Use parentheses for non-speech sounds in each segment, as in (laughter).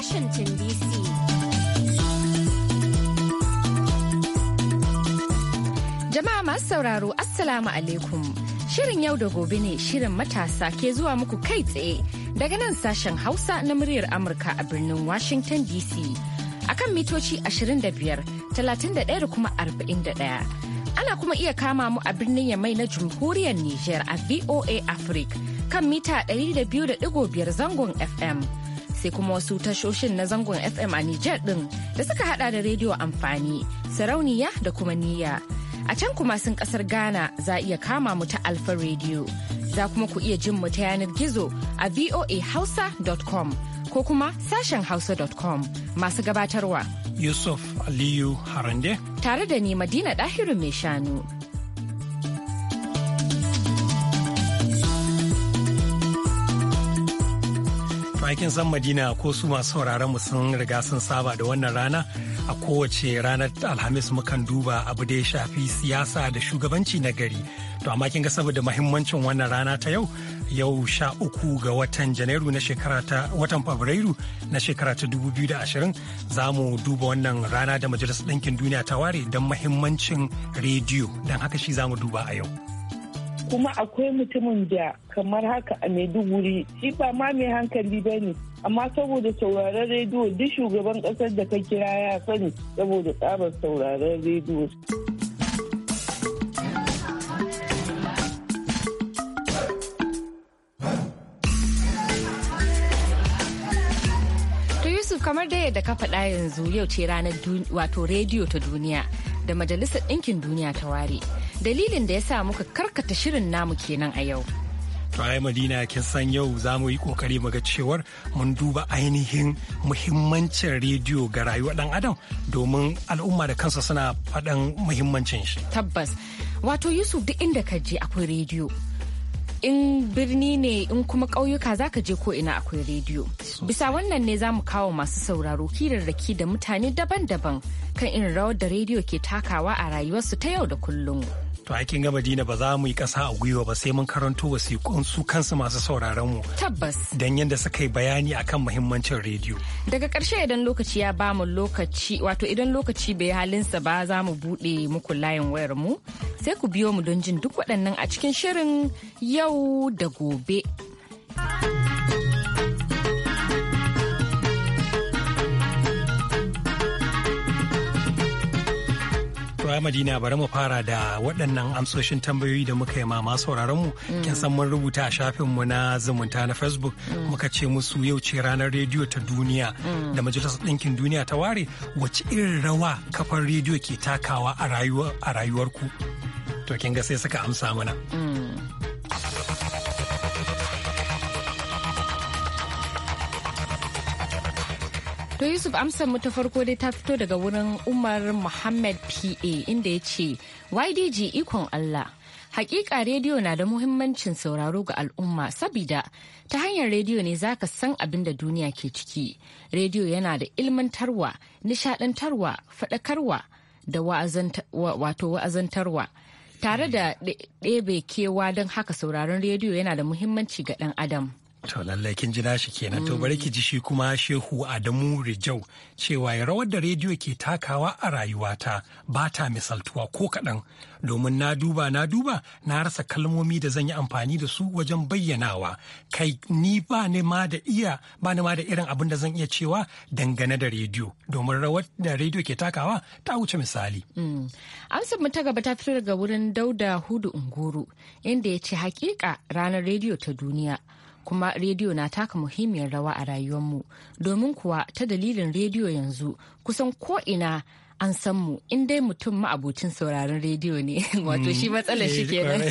Washington DC. Jama'a masu sauraro Assalamu alaikum. Shirin yau da gobe ne shirin matasa ke zuwa muku kai tsaye daga nan sashen Hausa na muryar Amurka a birnin Washington DC. Akan mitoci 25, kuma 41. Ana kuma iya kama mu a birnin Yamai na Jamhuriyar Nijar a VOA Africa kan mita 200.5 zangon FM. sai kuma wasu tashoshin na zangon FM a Nijar ɗin da suka hada da rediyo amfani, sarauniya da kuma niyya. A can kuma sun kasar Ghana za iya kama mu ta Alfa Radio. Za kuma ku iya jin mu ta yanar gizo a voahausa.com ko kuma sashen hausa.com masu gabatarwa. Yusuf Aliyu Harande. Tare da ni Madina Dahiru mai shanu. amma kin san madina ko su masu sauraron mu sun riga sun saba da wannan rana a kowace ranar alhamis mukan duba abu da ya shafi siyasa da shugabanci na gari to amma kin ga saboda mahimmancin wannan rana ta yau yau sha uku ga watan janairu na shekara ta watan fabrairu na shekara ta dubu biyu 2020 za mu duba wannan rana da majalisar ɗinkin duniya ta ware don mahimmancin rediyo don haka shi za mu duba a yau. kuma akwai mutumin da kamar haka a maiduguri shi ba ma mai hankali ba ne amma saboda sauraron rediyo duk shugaban kasar da ka kira ya sani saboda tsabar sauraron rediyo kamar da yadda ka faɗa yanzu yau ce ranar wato rediyo ta duniya da Majalisar Ɗinkin Duniya ta ware. Dalilin da ya sa muka karkata shirin namu kenan a yau. To ai Madina kin san yau za mu yi kokari mu ga cewar mun duba ainihin muhimmancin rediyo ga rayuwar dan adam domin al'umma da kansa suna faɗan muhimmancin shi. Tabbas. Wato Yusuf duk inda ka je akwai rediyo. in birni ne in kuma ƙauyuka za ka je ko ina akwai rediyo. Bisa wannan ne za mu kawo masu sauraro kirarraki da mutane daban-daban kan irin rawar da rediyo ke takawa a rayuwarsu ta yau da kullum. To aikin gama dina ba za mu yi ƙasa a gwiwa ba sai mun karanto wasiƙun su kansu masu sauraron mu. Tabbas. Don yadda suka yi bayani akan muhimmancin rediyo. Daga karshe idan lokaci ya ba mu lokaci wato idan lokaci bai halinsa ba za mu buɗe muku layin wayar mu sai ku biyo mu don jin duk waɗannan a cikin shirin yau da gobe. amadi Madina bari mu fara da waɗannan amsoshin tambayoyi da muka yi ma masu mu mm. kin san mun rubuta a shafinmu na zumunta na Facebook mm. muka ce musu yau ce ranar rediyo ta duniya mm. da majalisar ɗinkin duniya ta ware wace irin rawa kafar rediyo ke takawa a rayuwarku to kin ga sai suka amsa mana. To Yusuf amsa mu ta farko dai ta fito daga wurin Umar Muhammad PA inda ya ce YDG ikon Allah. Hakika rediyo na da muhimmancin sauraro ga al'umma sabida ta hanyar rediyo ne zaka san abin da duniya ke ciki. Rediyo yana da ilmantarwa, nishadantarwa, fadakarwa da wato wa'azantarwa. Tare da ɗebe kewa don haka sauraron rediyo yana da muhimmanci ga ɗan adam. To lallai kin ji nashi kenan to mm. bari ki ji shi kuma Shehu Adamu Rijau cewa ya rawar da rediyo ke takawa a rayuwata ba ta misaltuwa ko kaɗan domin na duba na duba na rasa kalmomi da zan yi amfani da su wajen bayyanawa kai ni ba ne ma da iya ba ne ma da irin abin da zan iya cewa dangane da rediyo domin rawar da rediyo ke takawa ta wuce misali. Mm. Amsar mu ta gaba ta fito daga wurin Dauda Hudu Unguru inda ya ce hakika ranar rediyo ta duniya. kuma rediyo na taka muhimmiyar rawa a mu domin kuwa ta dalilin rediyo yanzu kusan ko ina. an san mu in dai mutum maabucin sauraron rediyo ne (laughs) wato shi mm. matsalar shi eh, kenan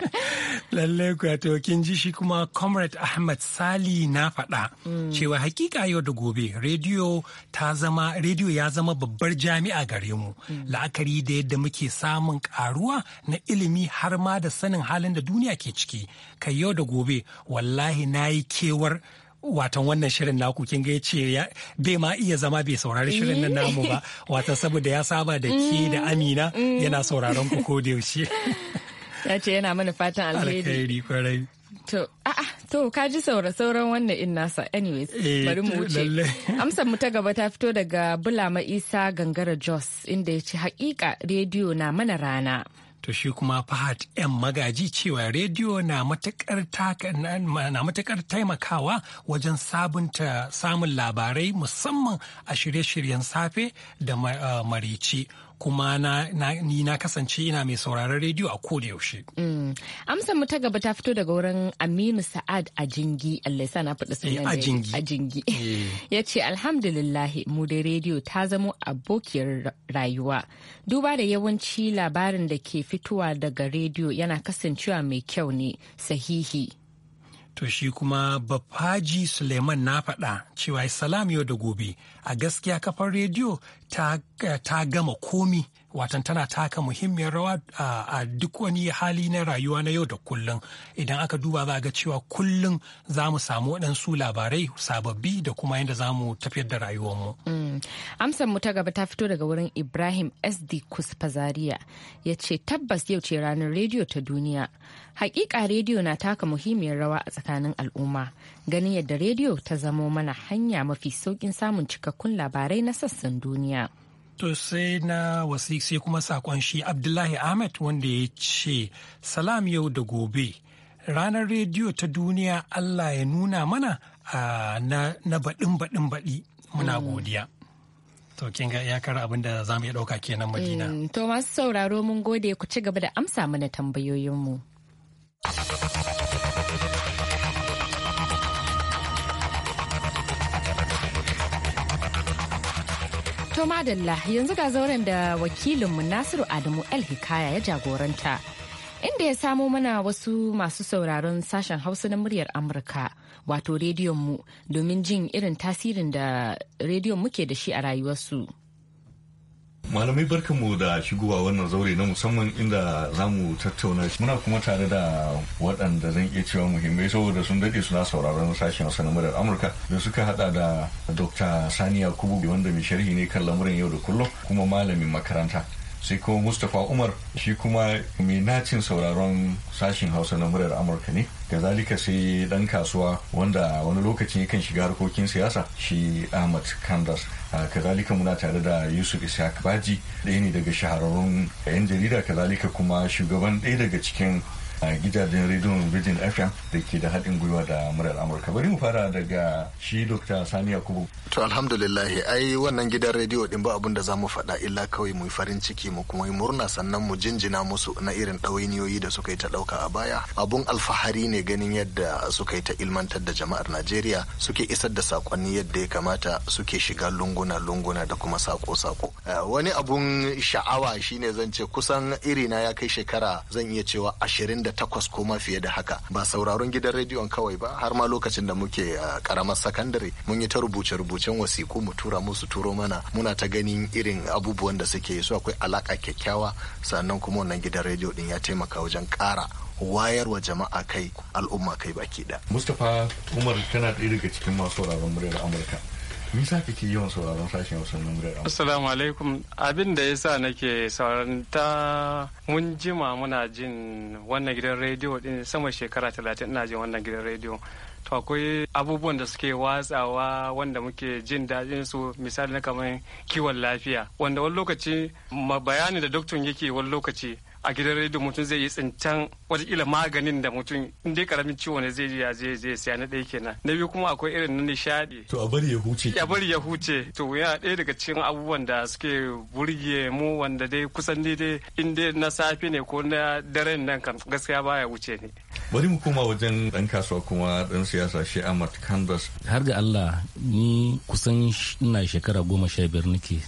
(laughs) lalle wato kin ji shi kuma comrade ahmad sali na faɗa mm. cewa hakika yau da gobe rediyo ta zama rediyo ya zama babbar jami'a gare mu mm. la'akari da yadda muke samun karuwa na ilimi har ma da sanin halin da duniya ke ciki kai yau da gobe wallahi na yi kewar watan wannan shirin naku kin ga yace bai ma iya zama bai saurari shirin nan namu ba eh. watan saboda ya saba da ke da mm. Amina mm. yana sauraron ku ko da yaushe (laughs) ya ce yana mana fatan alheri alheri kwarai to a'a to ka ji saura sauran wannan in nasa anyways eh, bari mu wuce (laughs) amsar mu ta gaba ta fito daga bulama isa gangara jos inda ya ce hakika rediyo na mana rana To shi kuma Fahad ‘yan magaji cewa rediyo na matakar taimakawa wajen sabunta samun labarai musamman a shirye-shiryen safe da eh, marici kuma na, ni na kasance ina mai sauraron rediyo a koda yaushe. Mm. Amsa mu ta gaba ta fito daga wurin Aminu Sa'ad a Jingi, Allah ya na faɗi sunan eh, a Jingi. A Jingi. Eh. (laughs) ya ce alhamdulillah mu da rediyo ta zamo abokiyar rayuwa. Duba da yawanci labarin da ke fitowa daga rediyo yana kasancewa mai kyau ne sahihi. To shi kuma Bafaji Suleiman na faɗa cewa salam yau da gobe a gaskiya kafar rediyo ta, gama komi watan tana taka muhimmiyar rawa a duk wani hali na rayuwa na yau da kullun idan aka duba za a ga cewa kullum za mu samu waɗansu labarai sababbi da kuma yadda za mu tafiyar da rayuwarmu. Mm. amsar mu ta gaba ta fito daga wurin ibrahim sd kuspazariya ya ce tabbas yau ce ranar rediyo ta duniya Hakika rediyo na taka muhimmiyar rawa a tsakanin al'umma, ganin yadda rediyo ta zamo mana hanya mafi saukin samun cikakkun labarai na sassan duniya. To sai na wasi sai kuma sakon shi Abdullahi Ahmed wanda ya ce, Salam yau da gobe, ranar rediyo ta duniya Allah ya nuna mana na baɗin baɗin baɗi muna mm. godiya. To kin ga iyakar abin da za mu iya ɗauka kenan Madina. Mm, to masu sauraro mun gode ku ci gaba da amsa mana tambayoyinmu. To madalla yanzu ga zauren da wakilinmu Nasiru Adamu El Hikaya ya jagoranta. Inda ya samo mana wasu masu sauraron sashen Hausa na muryar Amurka wato rediyonmu domin jin irin tasirin da rediyon muke da shi a rayuwarsu. malamai mu da shigowa wannan zaure na musamman inda za mu tattauna muna kuma tare da waɗanda zan iya cewa muhimmai saboda sun daɗe suna sauraron sashen wasu na murar amurka da suka hada da dr saniya kubu wanda mai sharhi ne kan lamuran yau da kullum kuma malamin makaranta sai kuma mustapha umar shi kuma mai nacin sauraron sashin hausa na muryar amurka ne kazalika sai dan kasuwa wanda wani lokaci yakan shiga harkokin siyasa shi ahmad kandas kazalika muna tare da yusuf ishaq baji ɗaya ne daga shahararrun 'yan jarida kazalika kuma shugaban ɗaya daga cikin a gidajen rediyon Virgin FM da ke da haɗin gwiwa da murar Amurka. Bari mu fara daga shi dokta Sani Yakubu. To alhamdulillah ai wannan gidan rediyo din ba abun da za mu faɗa illa kawai mu farin ciki mu kuma yi murna sannan mu jinjina musu na irin ɗawainiyoyi da suka yi ta ɗauka a baya. Abun alfahari ne ganin yadda suka yi ta ilmantar da jama'ar Najeriya suke isar da sakonni yadda ya kamata suke shiga lunguna-lunguna da kuma sako-sako. Eh, wani abun sha'awa shine zan ce kusan irina ya kai shekara zan iya cewa ashirin da da takwas ko ma fiye da haka ba sauraron gidan rediyon kawai ba har ma lokacin da muke a karamar sakandare mun yi ta rubuce-rubucen wasiku mu tura musu turo mana muna ta ganin irin abubuwan da suke su akwai alaka kyakkyawa sannan kuma wannan gidan rediyo din ya taimaka wajen kara wayarwa jama'a kai al'umma kai baki da. Mustapha Umar tana ɗaya daga cikin masu sauraron muryar Amurka. Me yasa kake yawan sauraron sashen Hausa nan muryar Assalamu alaikum. Abin da ya yasa nake sauraron ta mun jima muna jin wannan gidan rediyo din sama shekara talatin ina jin wannan gidan rediyo. To akwai abubuwan da suke watsawa wanda muke jin daɗin su misali na kamar kiwon lafiya wanda wani lokaci bayani da doktor yake wani lokaci a gidan rediyo mutum zai yi tsintan watakila maganin da mutum in dai karamin ciwo ne zai ya zai zai siya na ɗaya kenan na biyu kuma akwai irin na nishaɗi to a bari ya huce ya bari ya huce to yana ɗaya daga cikin abubuwan da suke burge mu wanda dai kusan ni dai in dai na safe ne ko na daren nan kan gaskiya baya wuce ne bari mu koma wajen ɗan kasuwa kuma ɗan siyasa shi Ahmad Canvas har ga Allah ni kusan ina shekara goma sha biyar nake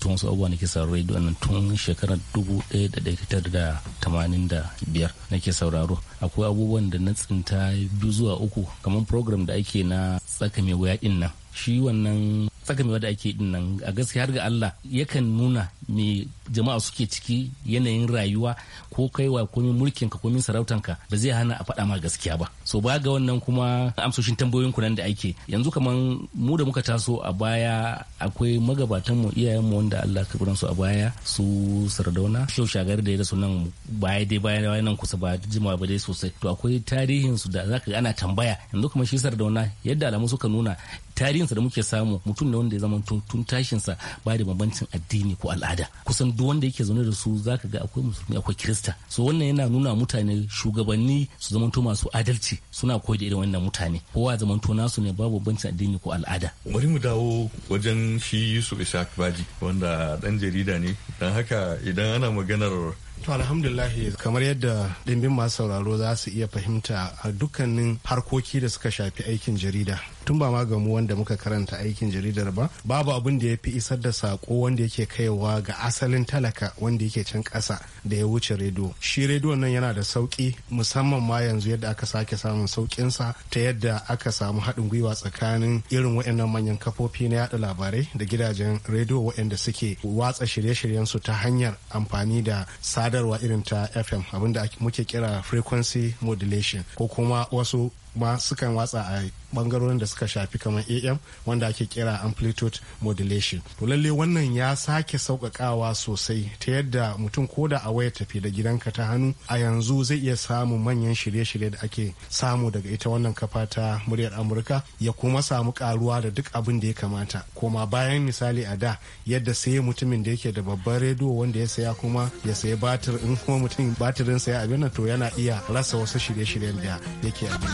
tun wasu abubuwa nake sauraro rediyo nan tun shekarar dubu ɗaya da ɗaya tar da tamanin da biyar nake sauraro akwai abubuwan da na tsinta biyu zuwa uku kamar program da ake na tsaka mai wuya ɗin nan shi wannan tsakamewa da ake din nan a gaskiya har ga Allah yakan nuna me jama'a suke ciki yanayin rayuwa ko kaiwa komin mulkin ka komin sarautan ka ba zai hana a faɗa ma gaskiya ba so ba ga wannan kuma amsoshin tambayoyin ku nan da ake yanzu kaman mu da muka taso a baya akwai magabatan mu iyayen mu wanda Allah ka su a baya su sardauna shau Shagari da ya rasu nan baya dai baya nan kusa ba jima ba dai sosai to akwai tarihin su da zaka ana tambaya yanzu kuma shi sardauna yadda alamu suka nuna tarihinsa da muke samu mutum ne wanda ya zama tun tashinsa ba da bambancin addini ko al'ada kusan duk wanda yake zaune da su zaka ga akwai musulmi akwai kirista so wannan yana nuna mutane shugabanni su zamanto masu adalci suna koyar da irin wannan mutane kowa zamanto nasu ne babu bambancin addini ko al'ada bari mu dawo wajen shi Yusuf Ishaq Baji wanda dan jarida ne dan haka idan ana maganar To alhamdulillah kamar yadda dimbin masu sauraro za su iya fahimta a dukkanin harkoki da suka shafi aikin jarida. Tun ba ma gamu wanda muka karanta aikin jaridar ba, babu abin da ya fi isar da sako wanda yake kaiwa ga asalin talaka wanda yake can kasa da ya wuce rediyo. Shi rediyo nan yana da sauki musamman ma yanzu yadda aka sake samun saukin sa ta yadda aka samu haɗin gwiwa tsakanin irin waɗannan manyan kafofi na yaɗa labarai da gidajen rediyo waɗanda suke watsa shirye shiryen su ta hanyar amfani da sa sadarwa irin ta fm abinda muke kira frequency modulation ko kuma wasu ma sukan watsa a bangarorin da suka shafi kamar am wanda ake kira amplitude modulation to lalle wannan ya sake sauƙaƙawa sosai ta yadda mutum ko da a waya tafi da gidanka ta hannu a yanzu zai iya samu manyan shirye-shirye da ake samu daga ita wannan kafa ta muryar amurka ya kuma samu karuwa da duk abin da ya kamata koma bayan misali a da yadda sai mutumin da yake da babban rediyo wanda ya saya kuma ya saya batir in kuma mutum batirin saya abin to yana iya rasa wasu shirye-shiryen da yake abin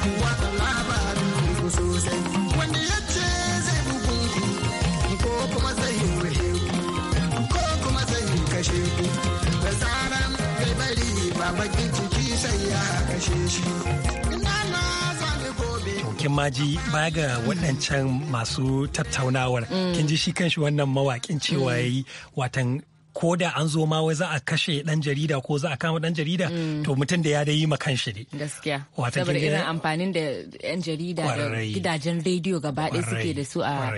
ku watsa labarin sosai wanda ya zai bugun ku ko kuma zai rahe ku ko kuma zai kashe ku da tsaran kai bari ba bakin ciki sai ya kashe shi kin maji baya ga waɗancan masu tattaunawar mm. kin ji shi kanshi wannan mawaƙin cewa mm. yayi watan ko da an zo ma wai za a kashe dan jarida ko za a kama dan jarida mm. to mutum da ya da yi makan shi ne gaskiya saboda irin amfanin da yan jarida da gidajen rediyo gaba ɗaya suke da su a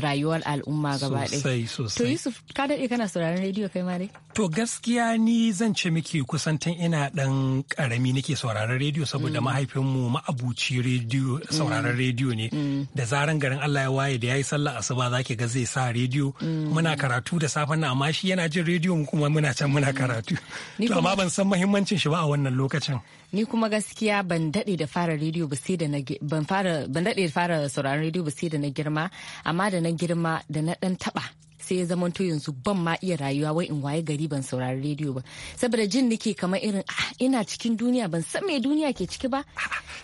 rayuwar al'umma gaba ɗaya. Sosai sosai. To Yusuf ka daɗe kana sauraron rediyo kai ma dai? To gaskiya ni zan ce miki kusantan ina ɗan ƙarami nake sauraron rediyo saboda mm. mahaifinmu ma'abuci rediyo mm. sauraron rediyo ne. Mm. Da zaran garin Allah ya waye da ya yi sallah asuba za ki ga zai sa rediyo. Muna karatu da safen na amma shi yana jin rediyo kuma muna can muna karatu. To amma ban san mahimmancin shi ba a wannan lokacin. Ni kuma gaskiya ban daɗe da fara rediyo ba sai da na ban fara ban daɗe da fara sauraron rediyo ba sai da na girma amma da na na girma da na ɗan taɓa sai ya zama to yanzu ban ma iya rayuwa wai in waye gari ban saurari rediyo ba saboda jin nake kamar irin ah, ina cikin duniya ban san me duniya ke ciki ba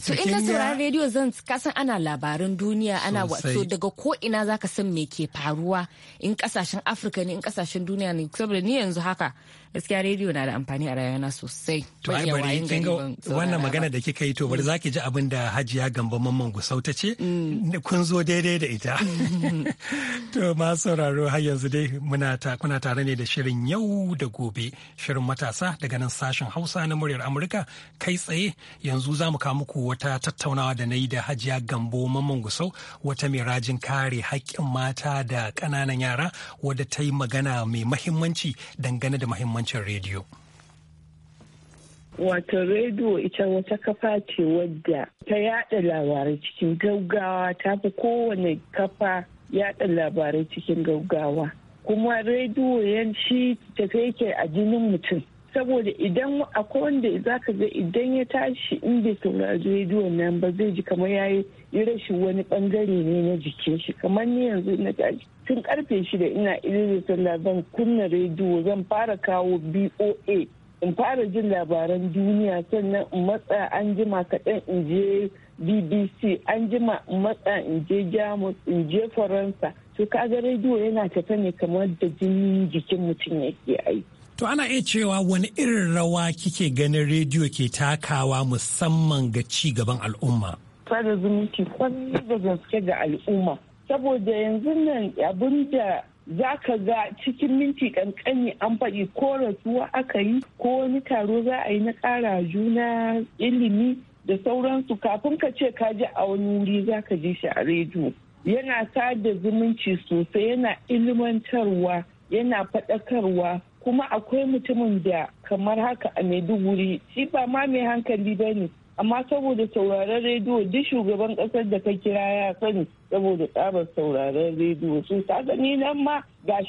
so in na saurari rediyo zan kasan ana labarin duniya ana so daga ko ina zaka san me ke faruwa in kasashen afirka ne in kasashen duniya ne saboda ni yanzu haka gaskiya rediyo na da amfani a rayuwa sosai to ai bari kin ga wannan magana da kika yi to bari mm. zaki ji abin da Hajiya Gambo Mamman Gusau ta ce mm. kun zo daidai da ita mm. (laughs) to ma sauraro har yanzu dai kuna tare ne da shirin yau da gobe shirin matasa daga nan sashen hausa na muryar amurka kai tsaye yanzu za mu kawo muku wata tattaunawa da na yi da hajiya gambo mamman gusau wata mai rajin kare haƙƙin mata da ƙananan yara wadda ta yi magana mai mahimmanci dangane da mahimmancin rediyo. Wato rediyo ita wata kafa ce wadda ta yada labarai cikin gaggawa ta fi kowane kafa yaɗa labarai cikin gaggawa kuma rediyo yanci tafe yake a jinin mutum saboda idan akwai wanda za ka ga idan ya tashi in bai saurari rediyon nan ba zai ji kamar ya yi rashin wani bangare ne na jikin shi kamar ni yanzu na tashi tun karfe shida ina ilirin sallah zan kunna rediyo zan fara kawo boa in fara jin labaran duniya sannan in matsa an jima kaɗan in je bbc an jima matsa in je jamus in je faransa to ga rediyo yana tafe ne kamar da jinin jikin mutum yake aiki To ana iya cewa wani irin rawa kike ganin rediyo ke takawa musamman ga ci gaban al'umma. Sada zumunci kwanne da gaske ga al'umma. Saboda yanzu nan abin da za ka ga cikin minti kankani an faɗi ko rasuwa aka yi ko wani taro za a yi na ƙara juna ilimi da sauransu kafin ka ce ka ji a wani wuri za ka ji shi a rediyo yana sada zumunci sosai yana ilimantarwa yana faɗakarwa kuma akwai mutumin da kamar haka a maiduguri shi ba ma mai hankali ba ne amma saboda sauraron rediyo duk shugaban kasar da ka kira ya sani saboda tsabar sauraron rediyo su gani nan ma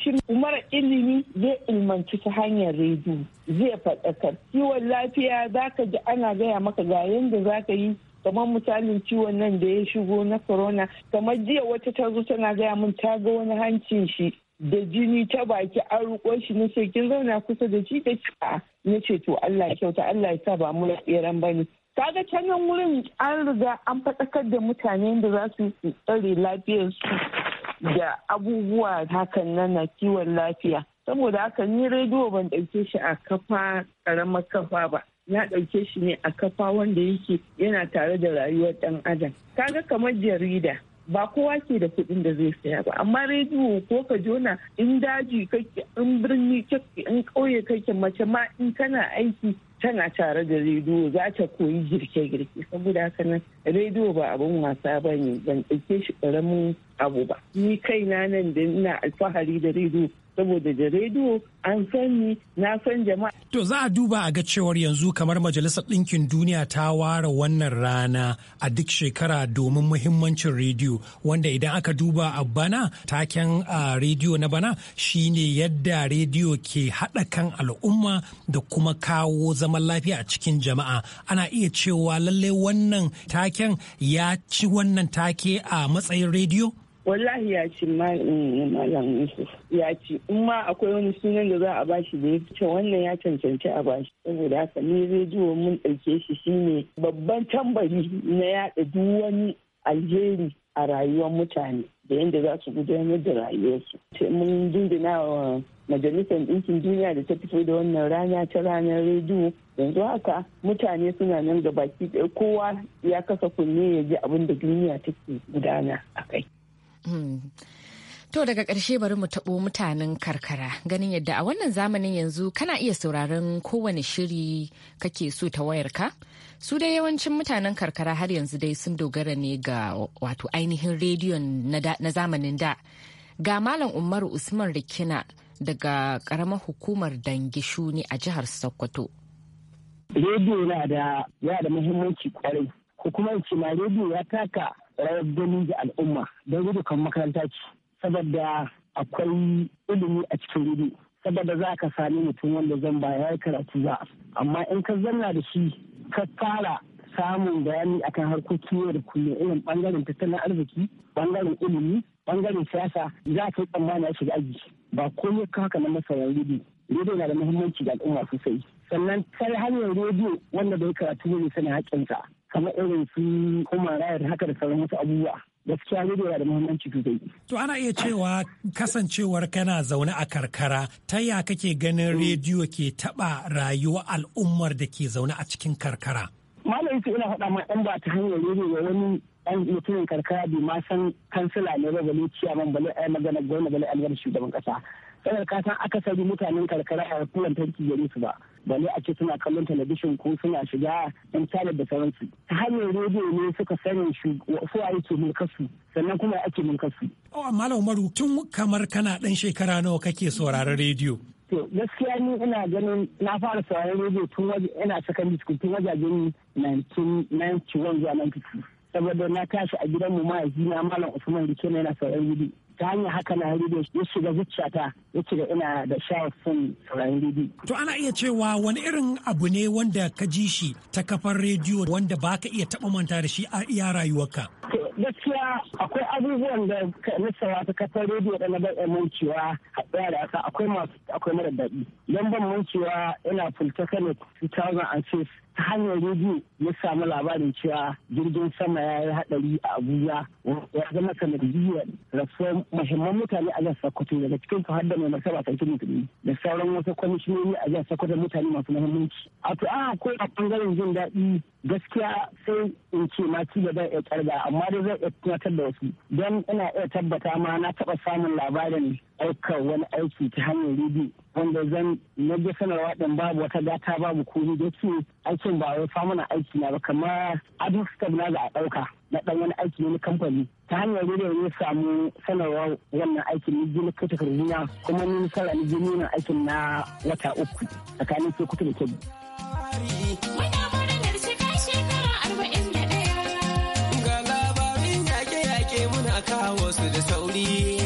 shi mara ilimi zai ilmanci ta hanyar rediyo zai faɗakar ciwon lafiya za ka ji ana gaya maka ga yadda za ka yi kamar misalin ciwon nan da ya shigo na corona kamar jiya wata ta zo tana gaya mun ta ga wani hancin shi da jini ta baki an ruko shi na ce kin zauna kusa da shi da ci na ce to Allah kyauta Allah ya sa ba mu tseren bane kaga can nan wurin an riga an faɗakar da mutane da za su yi tsare lafiyarsu da abubuwa hakan nan na kiwon lafiya saboda haka ni rediyo ban ɗauke shi a kafa ƙaramar kafa ba na ɗauke shi ne a kafa wanda yake yana tare da rayuwar ɗan adam kaga kamar jarida ba kowa ke da kuɗin da zai saya ba amma rediyo ko ka jona in daji kake in birni kake in ƙauye kake mace ma in kana aiki tana tare da rediyo za ta koyi girke-girke saboda haka nan rediyo ba abin wasa ba ne ban ɗauke shi ƙaramin abu ba ni kaina nan da ina alfahari da rediyo saboda da rediyo an sani na san jama'a. To za a duba a ga cewar yanzu kamar Majalisar Ɗinkin Duniya ta ware wannan rana a duk shekara domin muhimmancin rediyo wanda idan aka duba a bana taken rediyo na bana shine yadda rediyo ke haɗa kan al'umma da kuma kawo zaman lafiya a cikin jama'a. Ana iya cewa lallai wannan taken ya ci wannan take a matsayin rediyo? wallahi ya ci mm, mm, malam yusuf ya ci in ma akwai wani sunan da za a bashi da ya fice wannan ya cancanci a bashi saboda haka ni rediyo mun ɗauke shi shine babban tambari na yaɗa duk wani alheri a rayuwar mutane da yadda za su gudanar da rayuwarsu mun dindina wa majalisar ɗinkin duniya da ta fito da wannan rana ta ranar rediyo yanzu haka mutane suna nan baki ɗaya kowa ya kasa kunne ya ji abin da duniya take gudana a kai Hmm. To daga ƙarshe bari mu taɓo mutanen karkara ganin yadda a wannan zamanin yanzu kana iya sauraron kowane shiri kake so ta wayarka. Su dai yawancin mutanen karkara har yanzu dai sun dogara ne ga wato ainihin rediyon na zamanin da. Ga Malam Umaru Usman Rikina daga ƙaramar hukumar Dangishu ne a jihar Sokoto. Rediyo na da muhimmanci kwarai, hukumar ma rediyo ya taka rawar gani ga al'umma don gudu kan makaranta ce saboda akwai ilimi a cikin gudu saboda za ka sami mutum wanda zan ba ya karatu ba amma in ka zanna da shi ka fara samun bayani akan harkokin yau da kullum irin bangaren tattalin arziki bangaren ilimi bangaren siyasa za ka yi tsammani a shiga aji ba komai ka haka na yan rediyo rediyo na da muhimmanci ga al'umma sosai sannan kai hanyar rediyo wanda bai karatu ne sani haƙƙinsa kamar irin su kuma rayar haka da sauran wasu abubuwa gaskiya ne da muhimmanci sosai. To ana iya cewa kasancewar kana zaune a karkara ta ya kake ganin rediyo ke taɓa rayuwar al'ummar da ke zaune a cikin karkara. Malam Yusuf ina faɗa ma ɗan ba ta hanyar rediyo ga wani ɗan mutumin karkara bai ma san kansila ne ba bale man bale ai magana gwamna bale algar shugaban ƙasa. Sanar ka san akasari mutanen karkara a lantarki gare su ba. bale a ce suna kallon talabishin ko suna shiga intanet da sauransu ta hanyar rediyo ne suka sani su a yake mulkarsu sannan kuma ake mulkarsu. Oh, Malam Umaru tun kamar kana ɗan shekara nawa kake sauraron rediyo? To gaskiya ni ina ganin na fara sauraron rediyo tun waje ina sakan school tun wajajen 1991 zuwa 92. Saboda na tashi a gidan mu na Malam Usman Rike yana sauraron rediyo. ta hanyar haka na rediyo ya shiga zuciyata ya shiga ina da shafin sauraron rediyo. To ana iya cewa wani irin abu ne wanda ka ji shi ta kafar rediyo wanda ba ka iya taɓa manta da shi a iya rayuwarka. gaskiya akwai abubuwan da na sawa ta kafar rediyo da na ban mancewa tsaya da haka akwai masu akwai mara daɗi. Don ban mancewa ina fulta kano 2006 ta hanyar rediyo ya samu labarin cewa jirgin sama ya yi haɗari a abuja ya zama da rasuwar mahimman mutane a jihar sokoto daga cikin su hadda mai martaba sarki kiri da sauran wasu kwamishinoni a jihar sokoto mutane masu muhimmanci a to an akwai a bangaren jin daɗi gaskiya sai in ce ma ci gaba ya karga amma dai zai iya tunatar da wasu don ina iya tabbata ma na taɓa samun labarin aika wani aiki ta hanyar rediyo wanda zan na je sanarwa din babu wata gata babu kuri da ke aikin ba wai na aiki na ba kamar adistab na za a ɗauka na ɗan wani aiki ne na kamfani ta hanyar rediyo ne samu sanarwa wannan aikin ni je na kai na kuma ni sara ni je nuna aikin na wata uku tsakanin ke kuka da kebbi. Ga labarin yake-yake muna kawo su da sauri.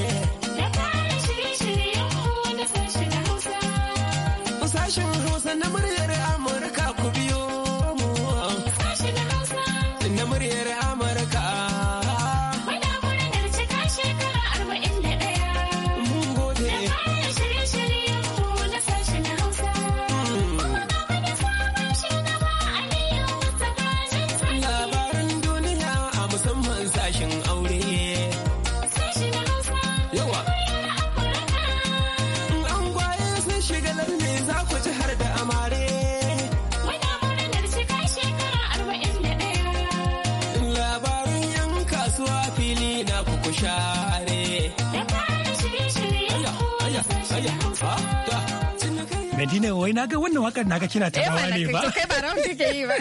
Madina wai naga wannan wakar naga kina ta eh, rawa ne ba. Eh kai ba rawa kike yi ba.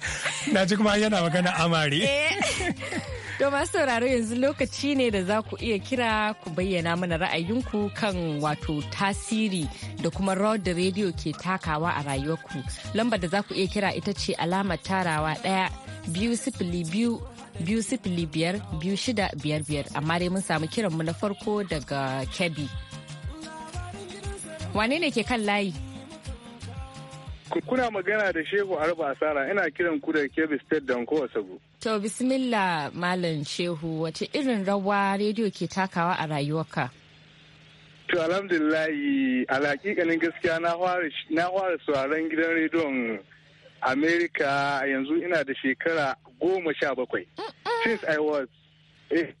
(laughs) Na ji kuma yana magana amare. Eh. (laughs) To masu sauraro yanzu lokaci ne da za ku iya kira ku bayyana mana ra'ayinku kan wato tasiri da kuma rawar da rediyo ke takawa a rayuwarku. Lambar da za ku iya kira ita ce alamar tarawa ɗaya biyu sifili biyu biyu sifili biyar biyu shida biyar biyar amma dai mun samu kiranmu na farko daga Kebbi. Wane ne ke kan layi? Kuna magana da Shehu Arba Asara ina kiran ku da Kebbi State Danko Sabu. To bismillah Malam Shehu wace irin rawa rediyo ke takawa a rayuwarka? To alhamdulillahi ganin gaskiya na fara sauraron gidan rediyon Amerika yanzu ina da shekara goma sha bakwai. Since I was eh,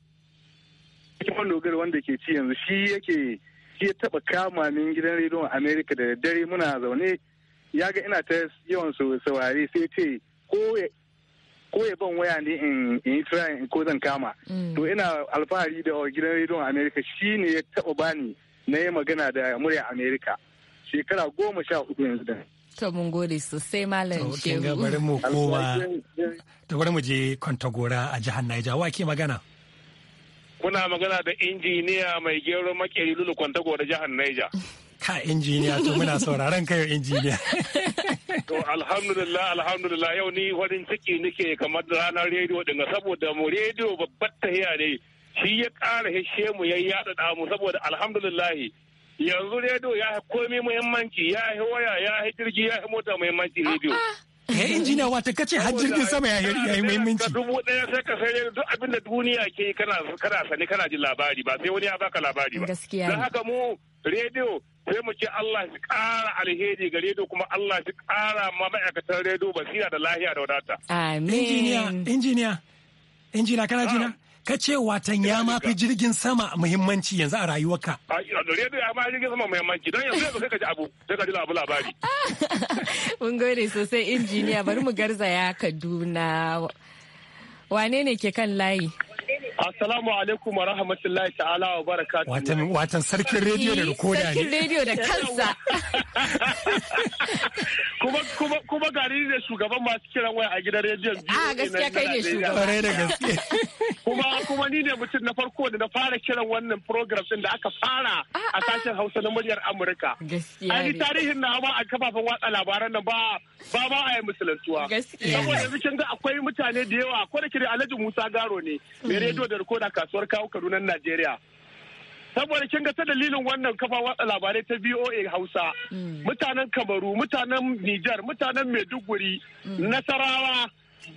wanda ke ci yanzu shi yake shi ya taba kama min gidan rediyon amerika da dare muna zaune ya ga ina ta yawan saurari sai ce ko ya ban waya ne in yi try in ko zan kama mm. to ina alfahari da gidan rediyon amerika shi ne ya taba bani na yi magana da murya amerika shekara goma sha uku yanzu da To mun gode sosai Malam Shehu. To bari mu koma, to bari mu je Kwantagora a jihar naija Wa ke magana? kuna magana da injiniya mai gero makeri lulu kwantago da jihar Niger. ka injiniya to muna sauraron kayo injiniya. To alhamdulillah alhamdulillah yau ni farin ciki nake kamar ranar rediyo dinga saboda mu rediyo babbar tahiya ne shi ya kara hishe mu ya yaɗa mu saboda alhamdulillah yanzu rediyo ya komai muhimmanci ya waya ya jirgi ya mota muhimmanci rediyo. ya eh, injiniya wata kace har jirgin sama ya yi muhimmanci ka dubu ɗaya sai ka sai duk abin da duniya ke kana kana sani kana jin labari ba sai wani ya baka labari ba gaskiya Don haka mu rediyo sai mu ce Allah shi ƙara alheri ga rediyo kuma Allah shi ƙara ma ma'aikatan rediyo basira da lahiya da wadata amin injiniya injiniya injiniya kana jina ka ce watan ya ma fi jirgin sama muhimmanci yanzu a rayuwarka. A dore da ya ma jirgin sama muhimmanci don yanzu yanzu sai ka ji abu sai ka ji labu labari. (laughs) Mun gode sosai injiniya bari mu garzaya Kaduna. Wane ne ke kan layi? Assalamu alaikum wa rahmatullahi ta'ala wa barakatuhu. Watan watan sarkin rediyo da rikoda ne. Sarkin rediyo da kansa. (laughs) kuma kuma kuma gari ne shugaban masu kiran waya a gidan rediyon biyu. Ah gaskiya kai ne shugaban. da gaske. (laughs) Kuma kuma ni ne mutum na farko da na fara kiran wannan program din da aka fara ah, a ah. sashen Hausa na muryar Amurka. Gaskiya. Ai tarihin na ba a kafafen watsa labaran nan ba ba ba a yi musulantuwa. Gaskiya. Saboda yanzu kin ga akwai mutane da yawa ko da kire Alhaji Musa Garo ne. Me mm. rediyo da na kasuwar kawo kadunan Najeriya. saboda kin ga ta dalilin wannan kafa watsa labarai ta VOA Hausa mm. mutanen Kamaru mutanen Nijar mutanen Maiduguri mm. Nasarawa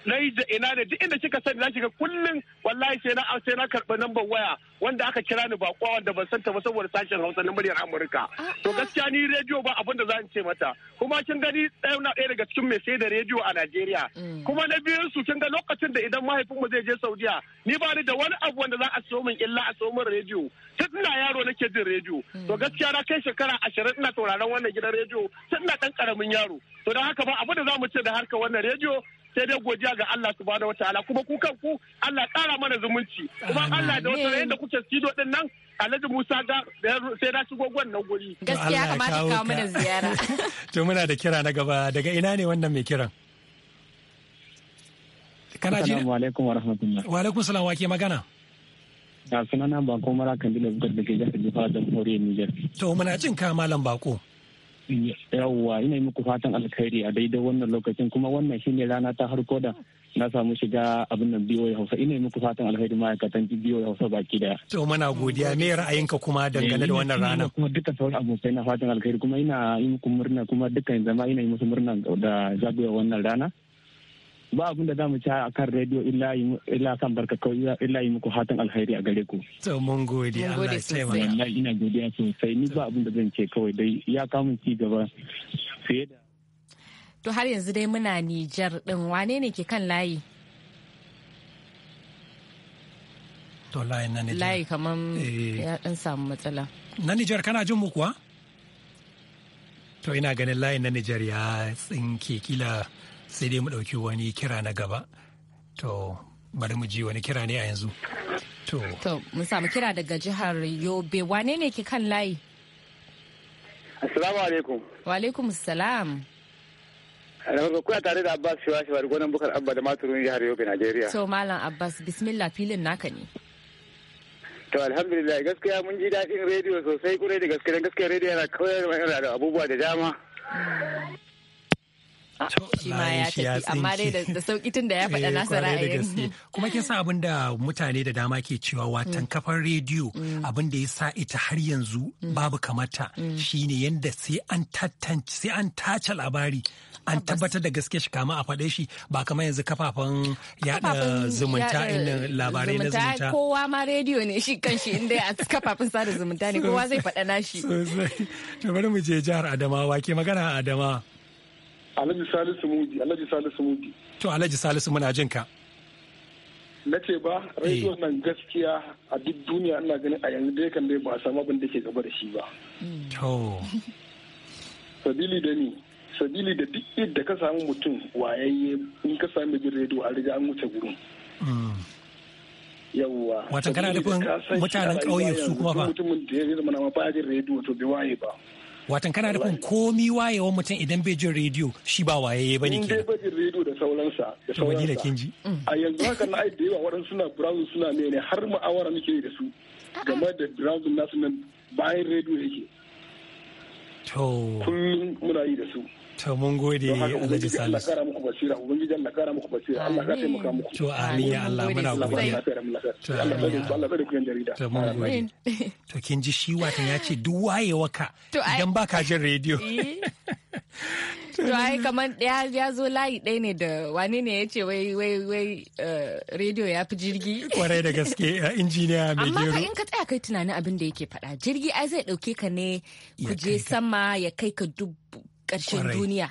na yi da ina da duk inda kika sani za ga kullum wallahi sai na sai na karɓi number waya wanda aka kira ni baƙo wanda ban santa ba saboda sashen Hausa na muryar Amurka ah, to ah. gaskiya ni rediyo ba abin da zan in ce mata kuma kin gani ɗaya na ɗaya daga cikin mai sai da rediyo a Najeriya mm. kuma na biyu su kin ga lokacin da idan mahaifin mu zai je Saudiya ni ba ni da wani abu wanda za a so min illa a so min rediyo tun ina yaro nake jin rediyo mm. to gaskiya na kai shekara ashirin ina sauraron wannan gidan rediyo tun ina ɗan ƙaramin yaro to don haka ba abin da za mu ce da harka wannan rediyo sai dai godiya ga Allah subhanahu wataala kuma ku kanku Allah tsara mana zumunci kuma Allah da wata yadda kuke sido din nan Alhaji Musa ga sai na shigo wannan guri gaskiya kamata ka kawo mana ziyara (laughs) to muna da kira na gaba daga ina ne wannan mai kiran kana ji Assalamu alaikum wa wa alaikum salam wa ke magana ga sunana bako mara kan da ke jihar Jifa jamhuriyar Niger to muna jin ka malam bako yawwa ina muku fatan alkhairi a daidai wannan lokacin kuma wannan ne rana ta harko da na samu shiga abin nan biyo hausa ina muku fatan alkhairi ma'aikatan biyo hausa baki daya to muna godiya me ra'ayinka kuma dangane da wannan eh, rana kuma duka sauran abokai na fatan alkhairi kuma ina yi muku murna kuma dukkan zama ina yi musu murna da zagayowar wannan rana ba abin da zamu ci a kan rediyo illa kan barka kawai illa yi muku hatan alheri a gare ku. To mun gode Allah ya taimaka. Wallahi ina godiya sosai ni ba abin da zan ce kawai dai ya kamun ci gaba fiye da. To har yanzu dai muna Nijar din wane ne ke kan layi? To layi na Nijar. Layi kamar eh. ya dan samu matsala. Na Nijar kana jin mu kuwa? To ina ganin layin na Nijar ya tsinke kila sai dai mu ɗauki wani kira na gaba to bari mu ji wani kira ne a yanzu to mu samu kira daga jihar yobe wane ne ke kan layi assalamu alaikum wa alaikum salam kuna tare da Abbas Shiwashi bari gwanan bukar Abba da maturin jihar Yobe, Najeriya. to Malam Abbas, bismillah filin naka ne. To alhamdulillah gaskiya mun ji daɗin rediyo sosai kure da gaskiya gaskiya rediyo yana kawai da abubuwa da dama. Ah, shi ya tafi amma dai da sauki tun da ya faɗa eh, nasa ra'ayin kuma kin san abin da mutane da dama ke cewa watan mm. kafar rediyo mm. abin da ya sa ita har yanzu mm. babu kamata shine yanda sai an tantance sai an tace labari an tabbatar da gaske shi kama a faɗe shi ba kamar yanzu kafafen yada zumunta inda labarai na zumunta kowa ma rediyo ne shi kan shi inda a kafafen sada zumunta ne kowa zai faɗa nashi sosai to bari mu je jihar Adamawa ke magana Adamawa Alhaji Salisu Mudi, Alhaji Salisu Mudi. To Alhaji Salisu muna jin ka. Na ce ba, eh. radio nan gaskiya a duk duniya ana ganin a yanzu dai kan dai ba a samu abin da ke gaba da shi ba. To. Sabili da ni, sabili da duk yadda ka samu mutum wayayye in ka sami jin rediyo a riga an wuce gurin. Mm. Yawwa. Wata kana nufin mutanen ƙauye su kuma ba. Mutumin da ya zama na ma ba jin rediyo to bai waye ba. Watan kana kun komi wa mutum idan bai jin rediyo shi ba wayaye ba ne ke. Bai jin rediyo da sauransa. Da sauransa. da mm. A yanzu haka na da yawa waɗansu suna burawun suna ne ne har ma'awara muke da su. Game da browsing nasu nan bayan rediyo yake. To. Kullum muna yi da su. To mun gode Alhaji Salisu. Allah kara muku basira, Ubangiji Allah kara muku basira, Allah ka taimaka muku. To amin ya Allah muna godiya. To amin ya Allah. To mun gode. (laughs) To kin ji shi watan ya ce duk wayewa ka idan ba ka jin rediyo. (laughs) Eh. (laughs) To ai kaman ya zo layi ɗaya ne da wani ne ya ce wai wai wai eh, rediyo ya fi jirgi. Kwarai da gaske injiniya mai gero. Amma in ka tsaya kai tunanin abin da yake faɗa jirgi ai zai ɗauke ka ne kuje je sama ya kai ka dubu ƙarshen duniya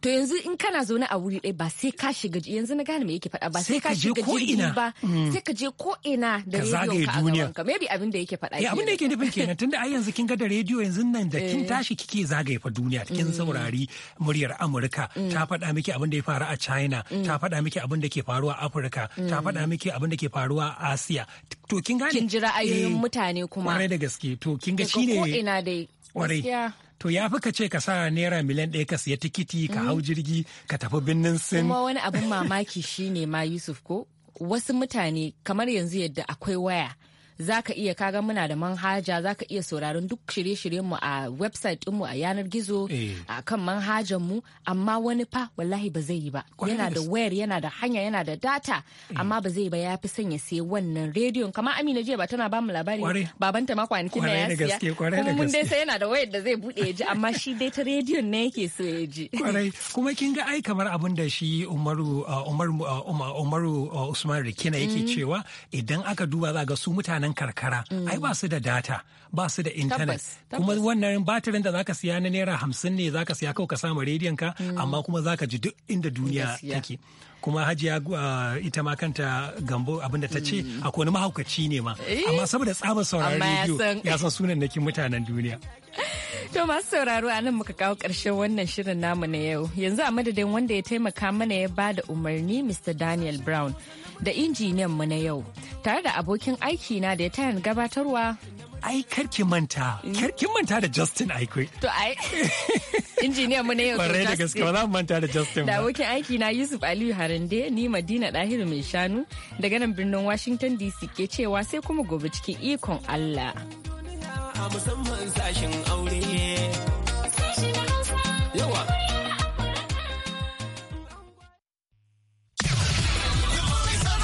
to yanzu in kana zaune a wuri ɗaya ba sai ka shiga yanzu na gane me yake faɗa ba sai ka shiga ji ba mm. sai ka je ko ina da rediyo ka a gaban ka maybe abin da yake faɗa eh, abin da yake nufin kenan tunda ai yanzu kin ga da rediyo yanzu nan da kin eh. tashi kike zagaye fa duniya kin mm. saurari muryar Amurka mm. ta faɗa miki abin da ya faru a China ta faɗa miki abin da ke faruwa a Afirka ta faɗa miki abin da ke faruwa a Asiya to kin gane kin jira ayoyin eh, mutane kuma kwarai da gaske to kin ga shine kwarai to ya fi ka ce ka sa naira miliyan ɗaya ka siya tikiti ka hau mm. jirgi ka tafi birnin sin kuma wani abin mamaki shine ma yusuf ko wasu mutane kamar yanzu yadda akwai waya za ka iya kaga muna da manhaja za ka iya sauraron duk shirye shiryen mu a website mu a yanar gizo eh. a kan mu amma wani fa wallahi ba zai yi ba yana da wayar yana da hanya yana da data eh. amma ba zai ba ya fi sanya sai wannan rediyon kamar amina jiya ba tana ba mu labari babanta ma kwanakin na ya siya kuma mun dai sai yana da wayar da zai bude ya ji amma shi dai ta rediyon ne yake so ya ji kwarai kuma kin ga ai kamar abin da shi Umaru uh, Umaru uh, uh, Usman Rikina yake mm. cewa idan aka duba za ga su mutanen nan karkara mm. ai ba su da data ba su da intanet kuma wannan batirin da zaka siya na naira hamsin ne zaka siya kawai ka samu rediyon ka mm. amma kuma zaka ji duk inda duniya take kuma hajiya uh, ita ma kanta gambo abinda ta ce mm. a kone mahaukaci ne ma eh? amma saboda tsabar sauraron rediyo ya san sunan nakin mutanen duniya (laughs) To masu sauraro a nan muka kawo ƙarshen wannan shirin namu na yau. Yanzu a madadin wanda ya taimaka mana ya ba da umarni Mr. Daniel Brown. da injiniyan mu na yau tare da abokin aiki na da ya tayan gabatarwa ai karki manta karki manta da Justin Aikwe to ai (laughs) injiniyan mu na yau bare da gaske ba za mu manta da Justin da abokin aiki na Yusuf Aliyu Harande ni Madina Dahiru mai shanu daga nan birnin Washington DC ke cewa sai kuma gobe cikin ikon Allah a musamman sashin aure yawa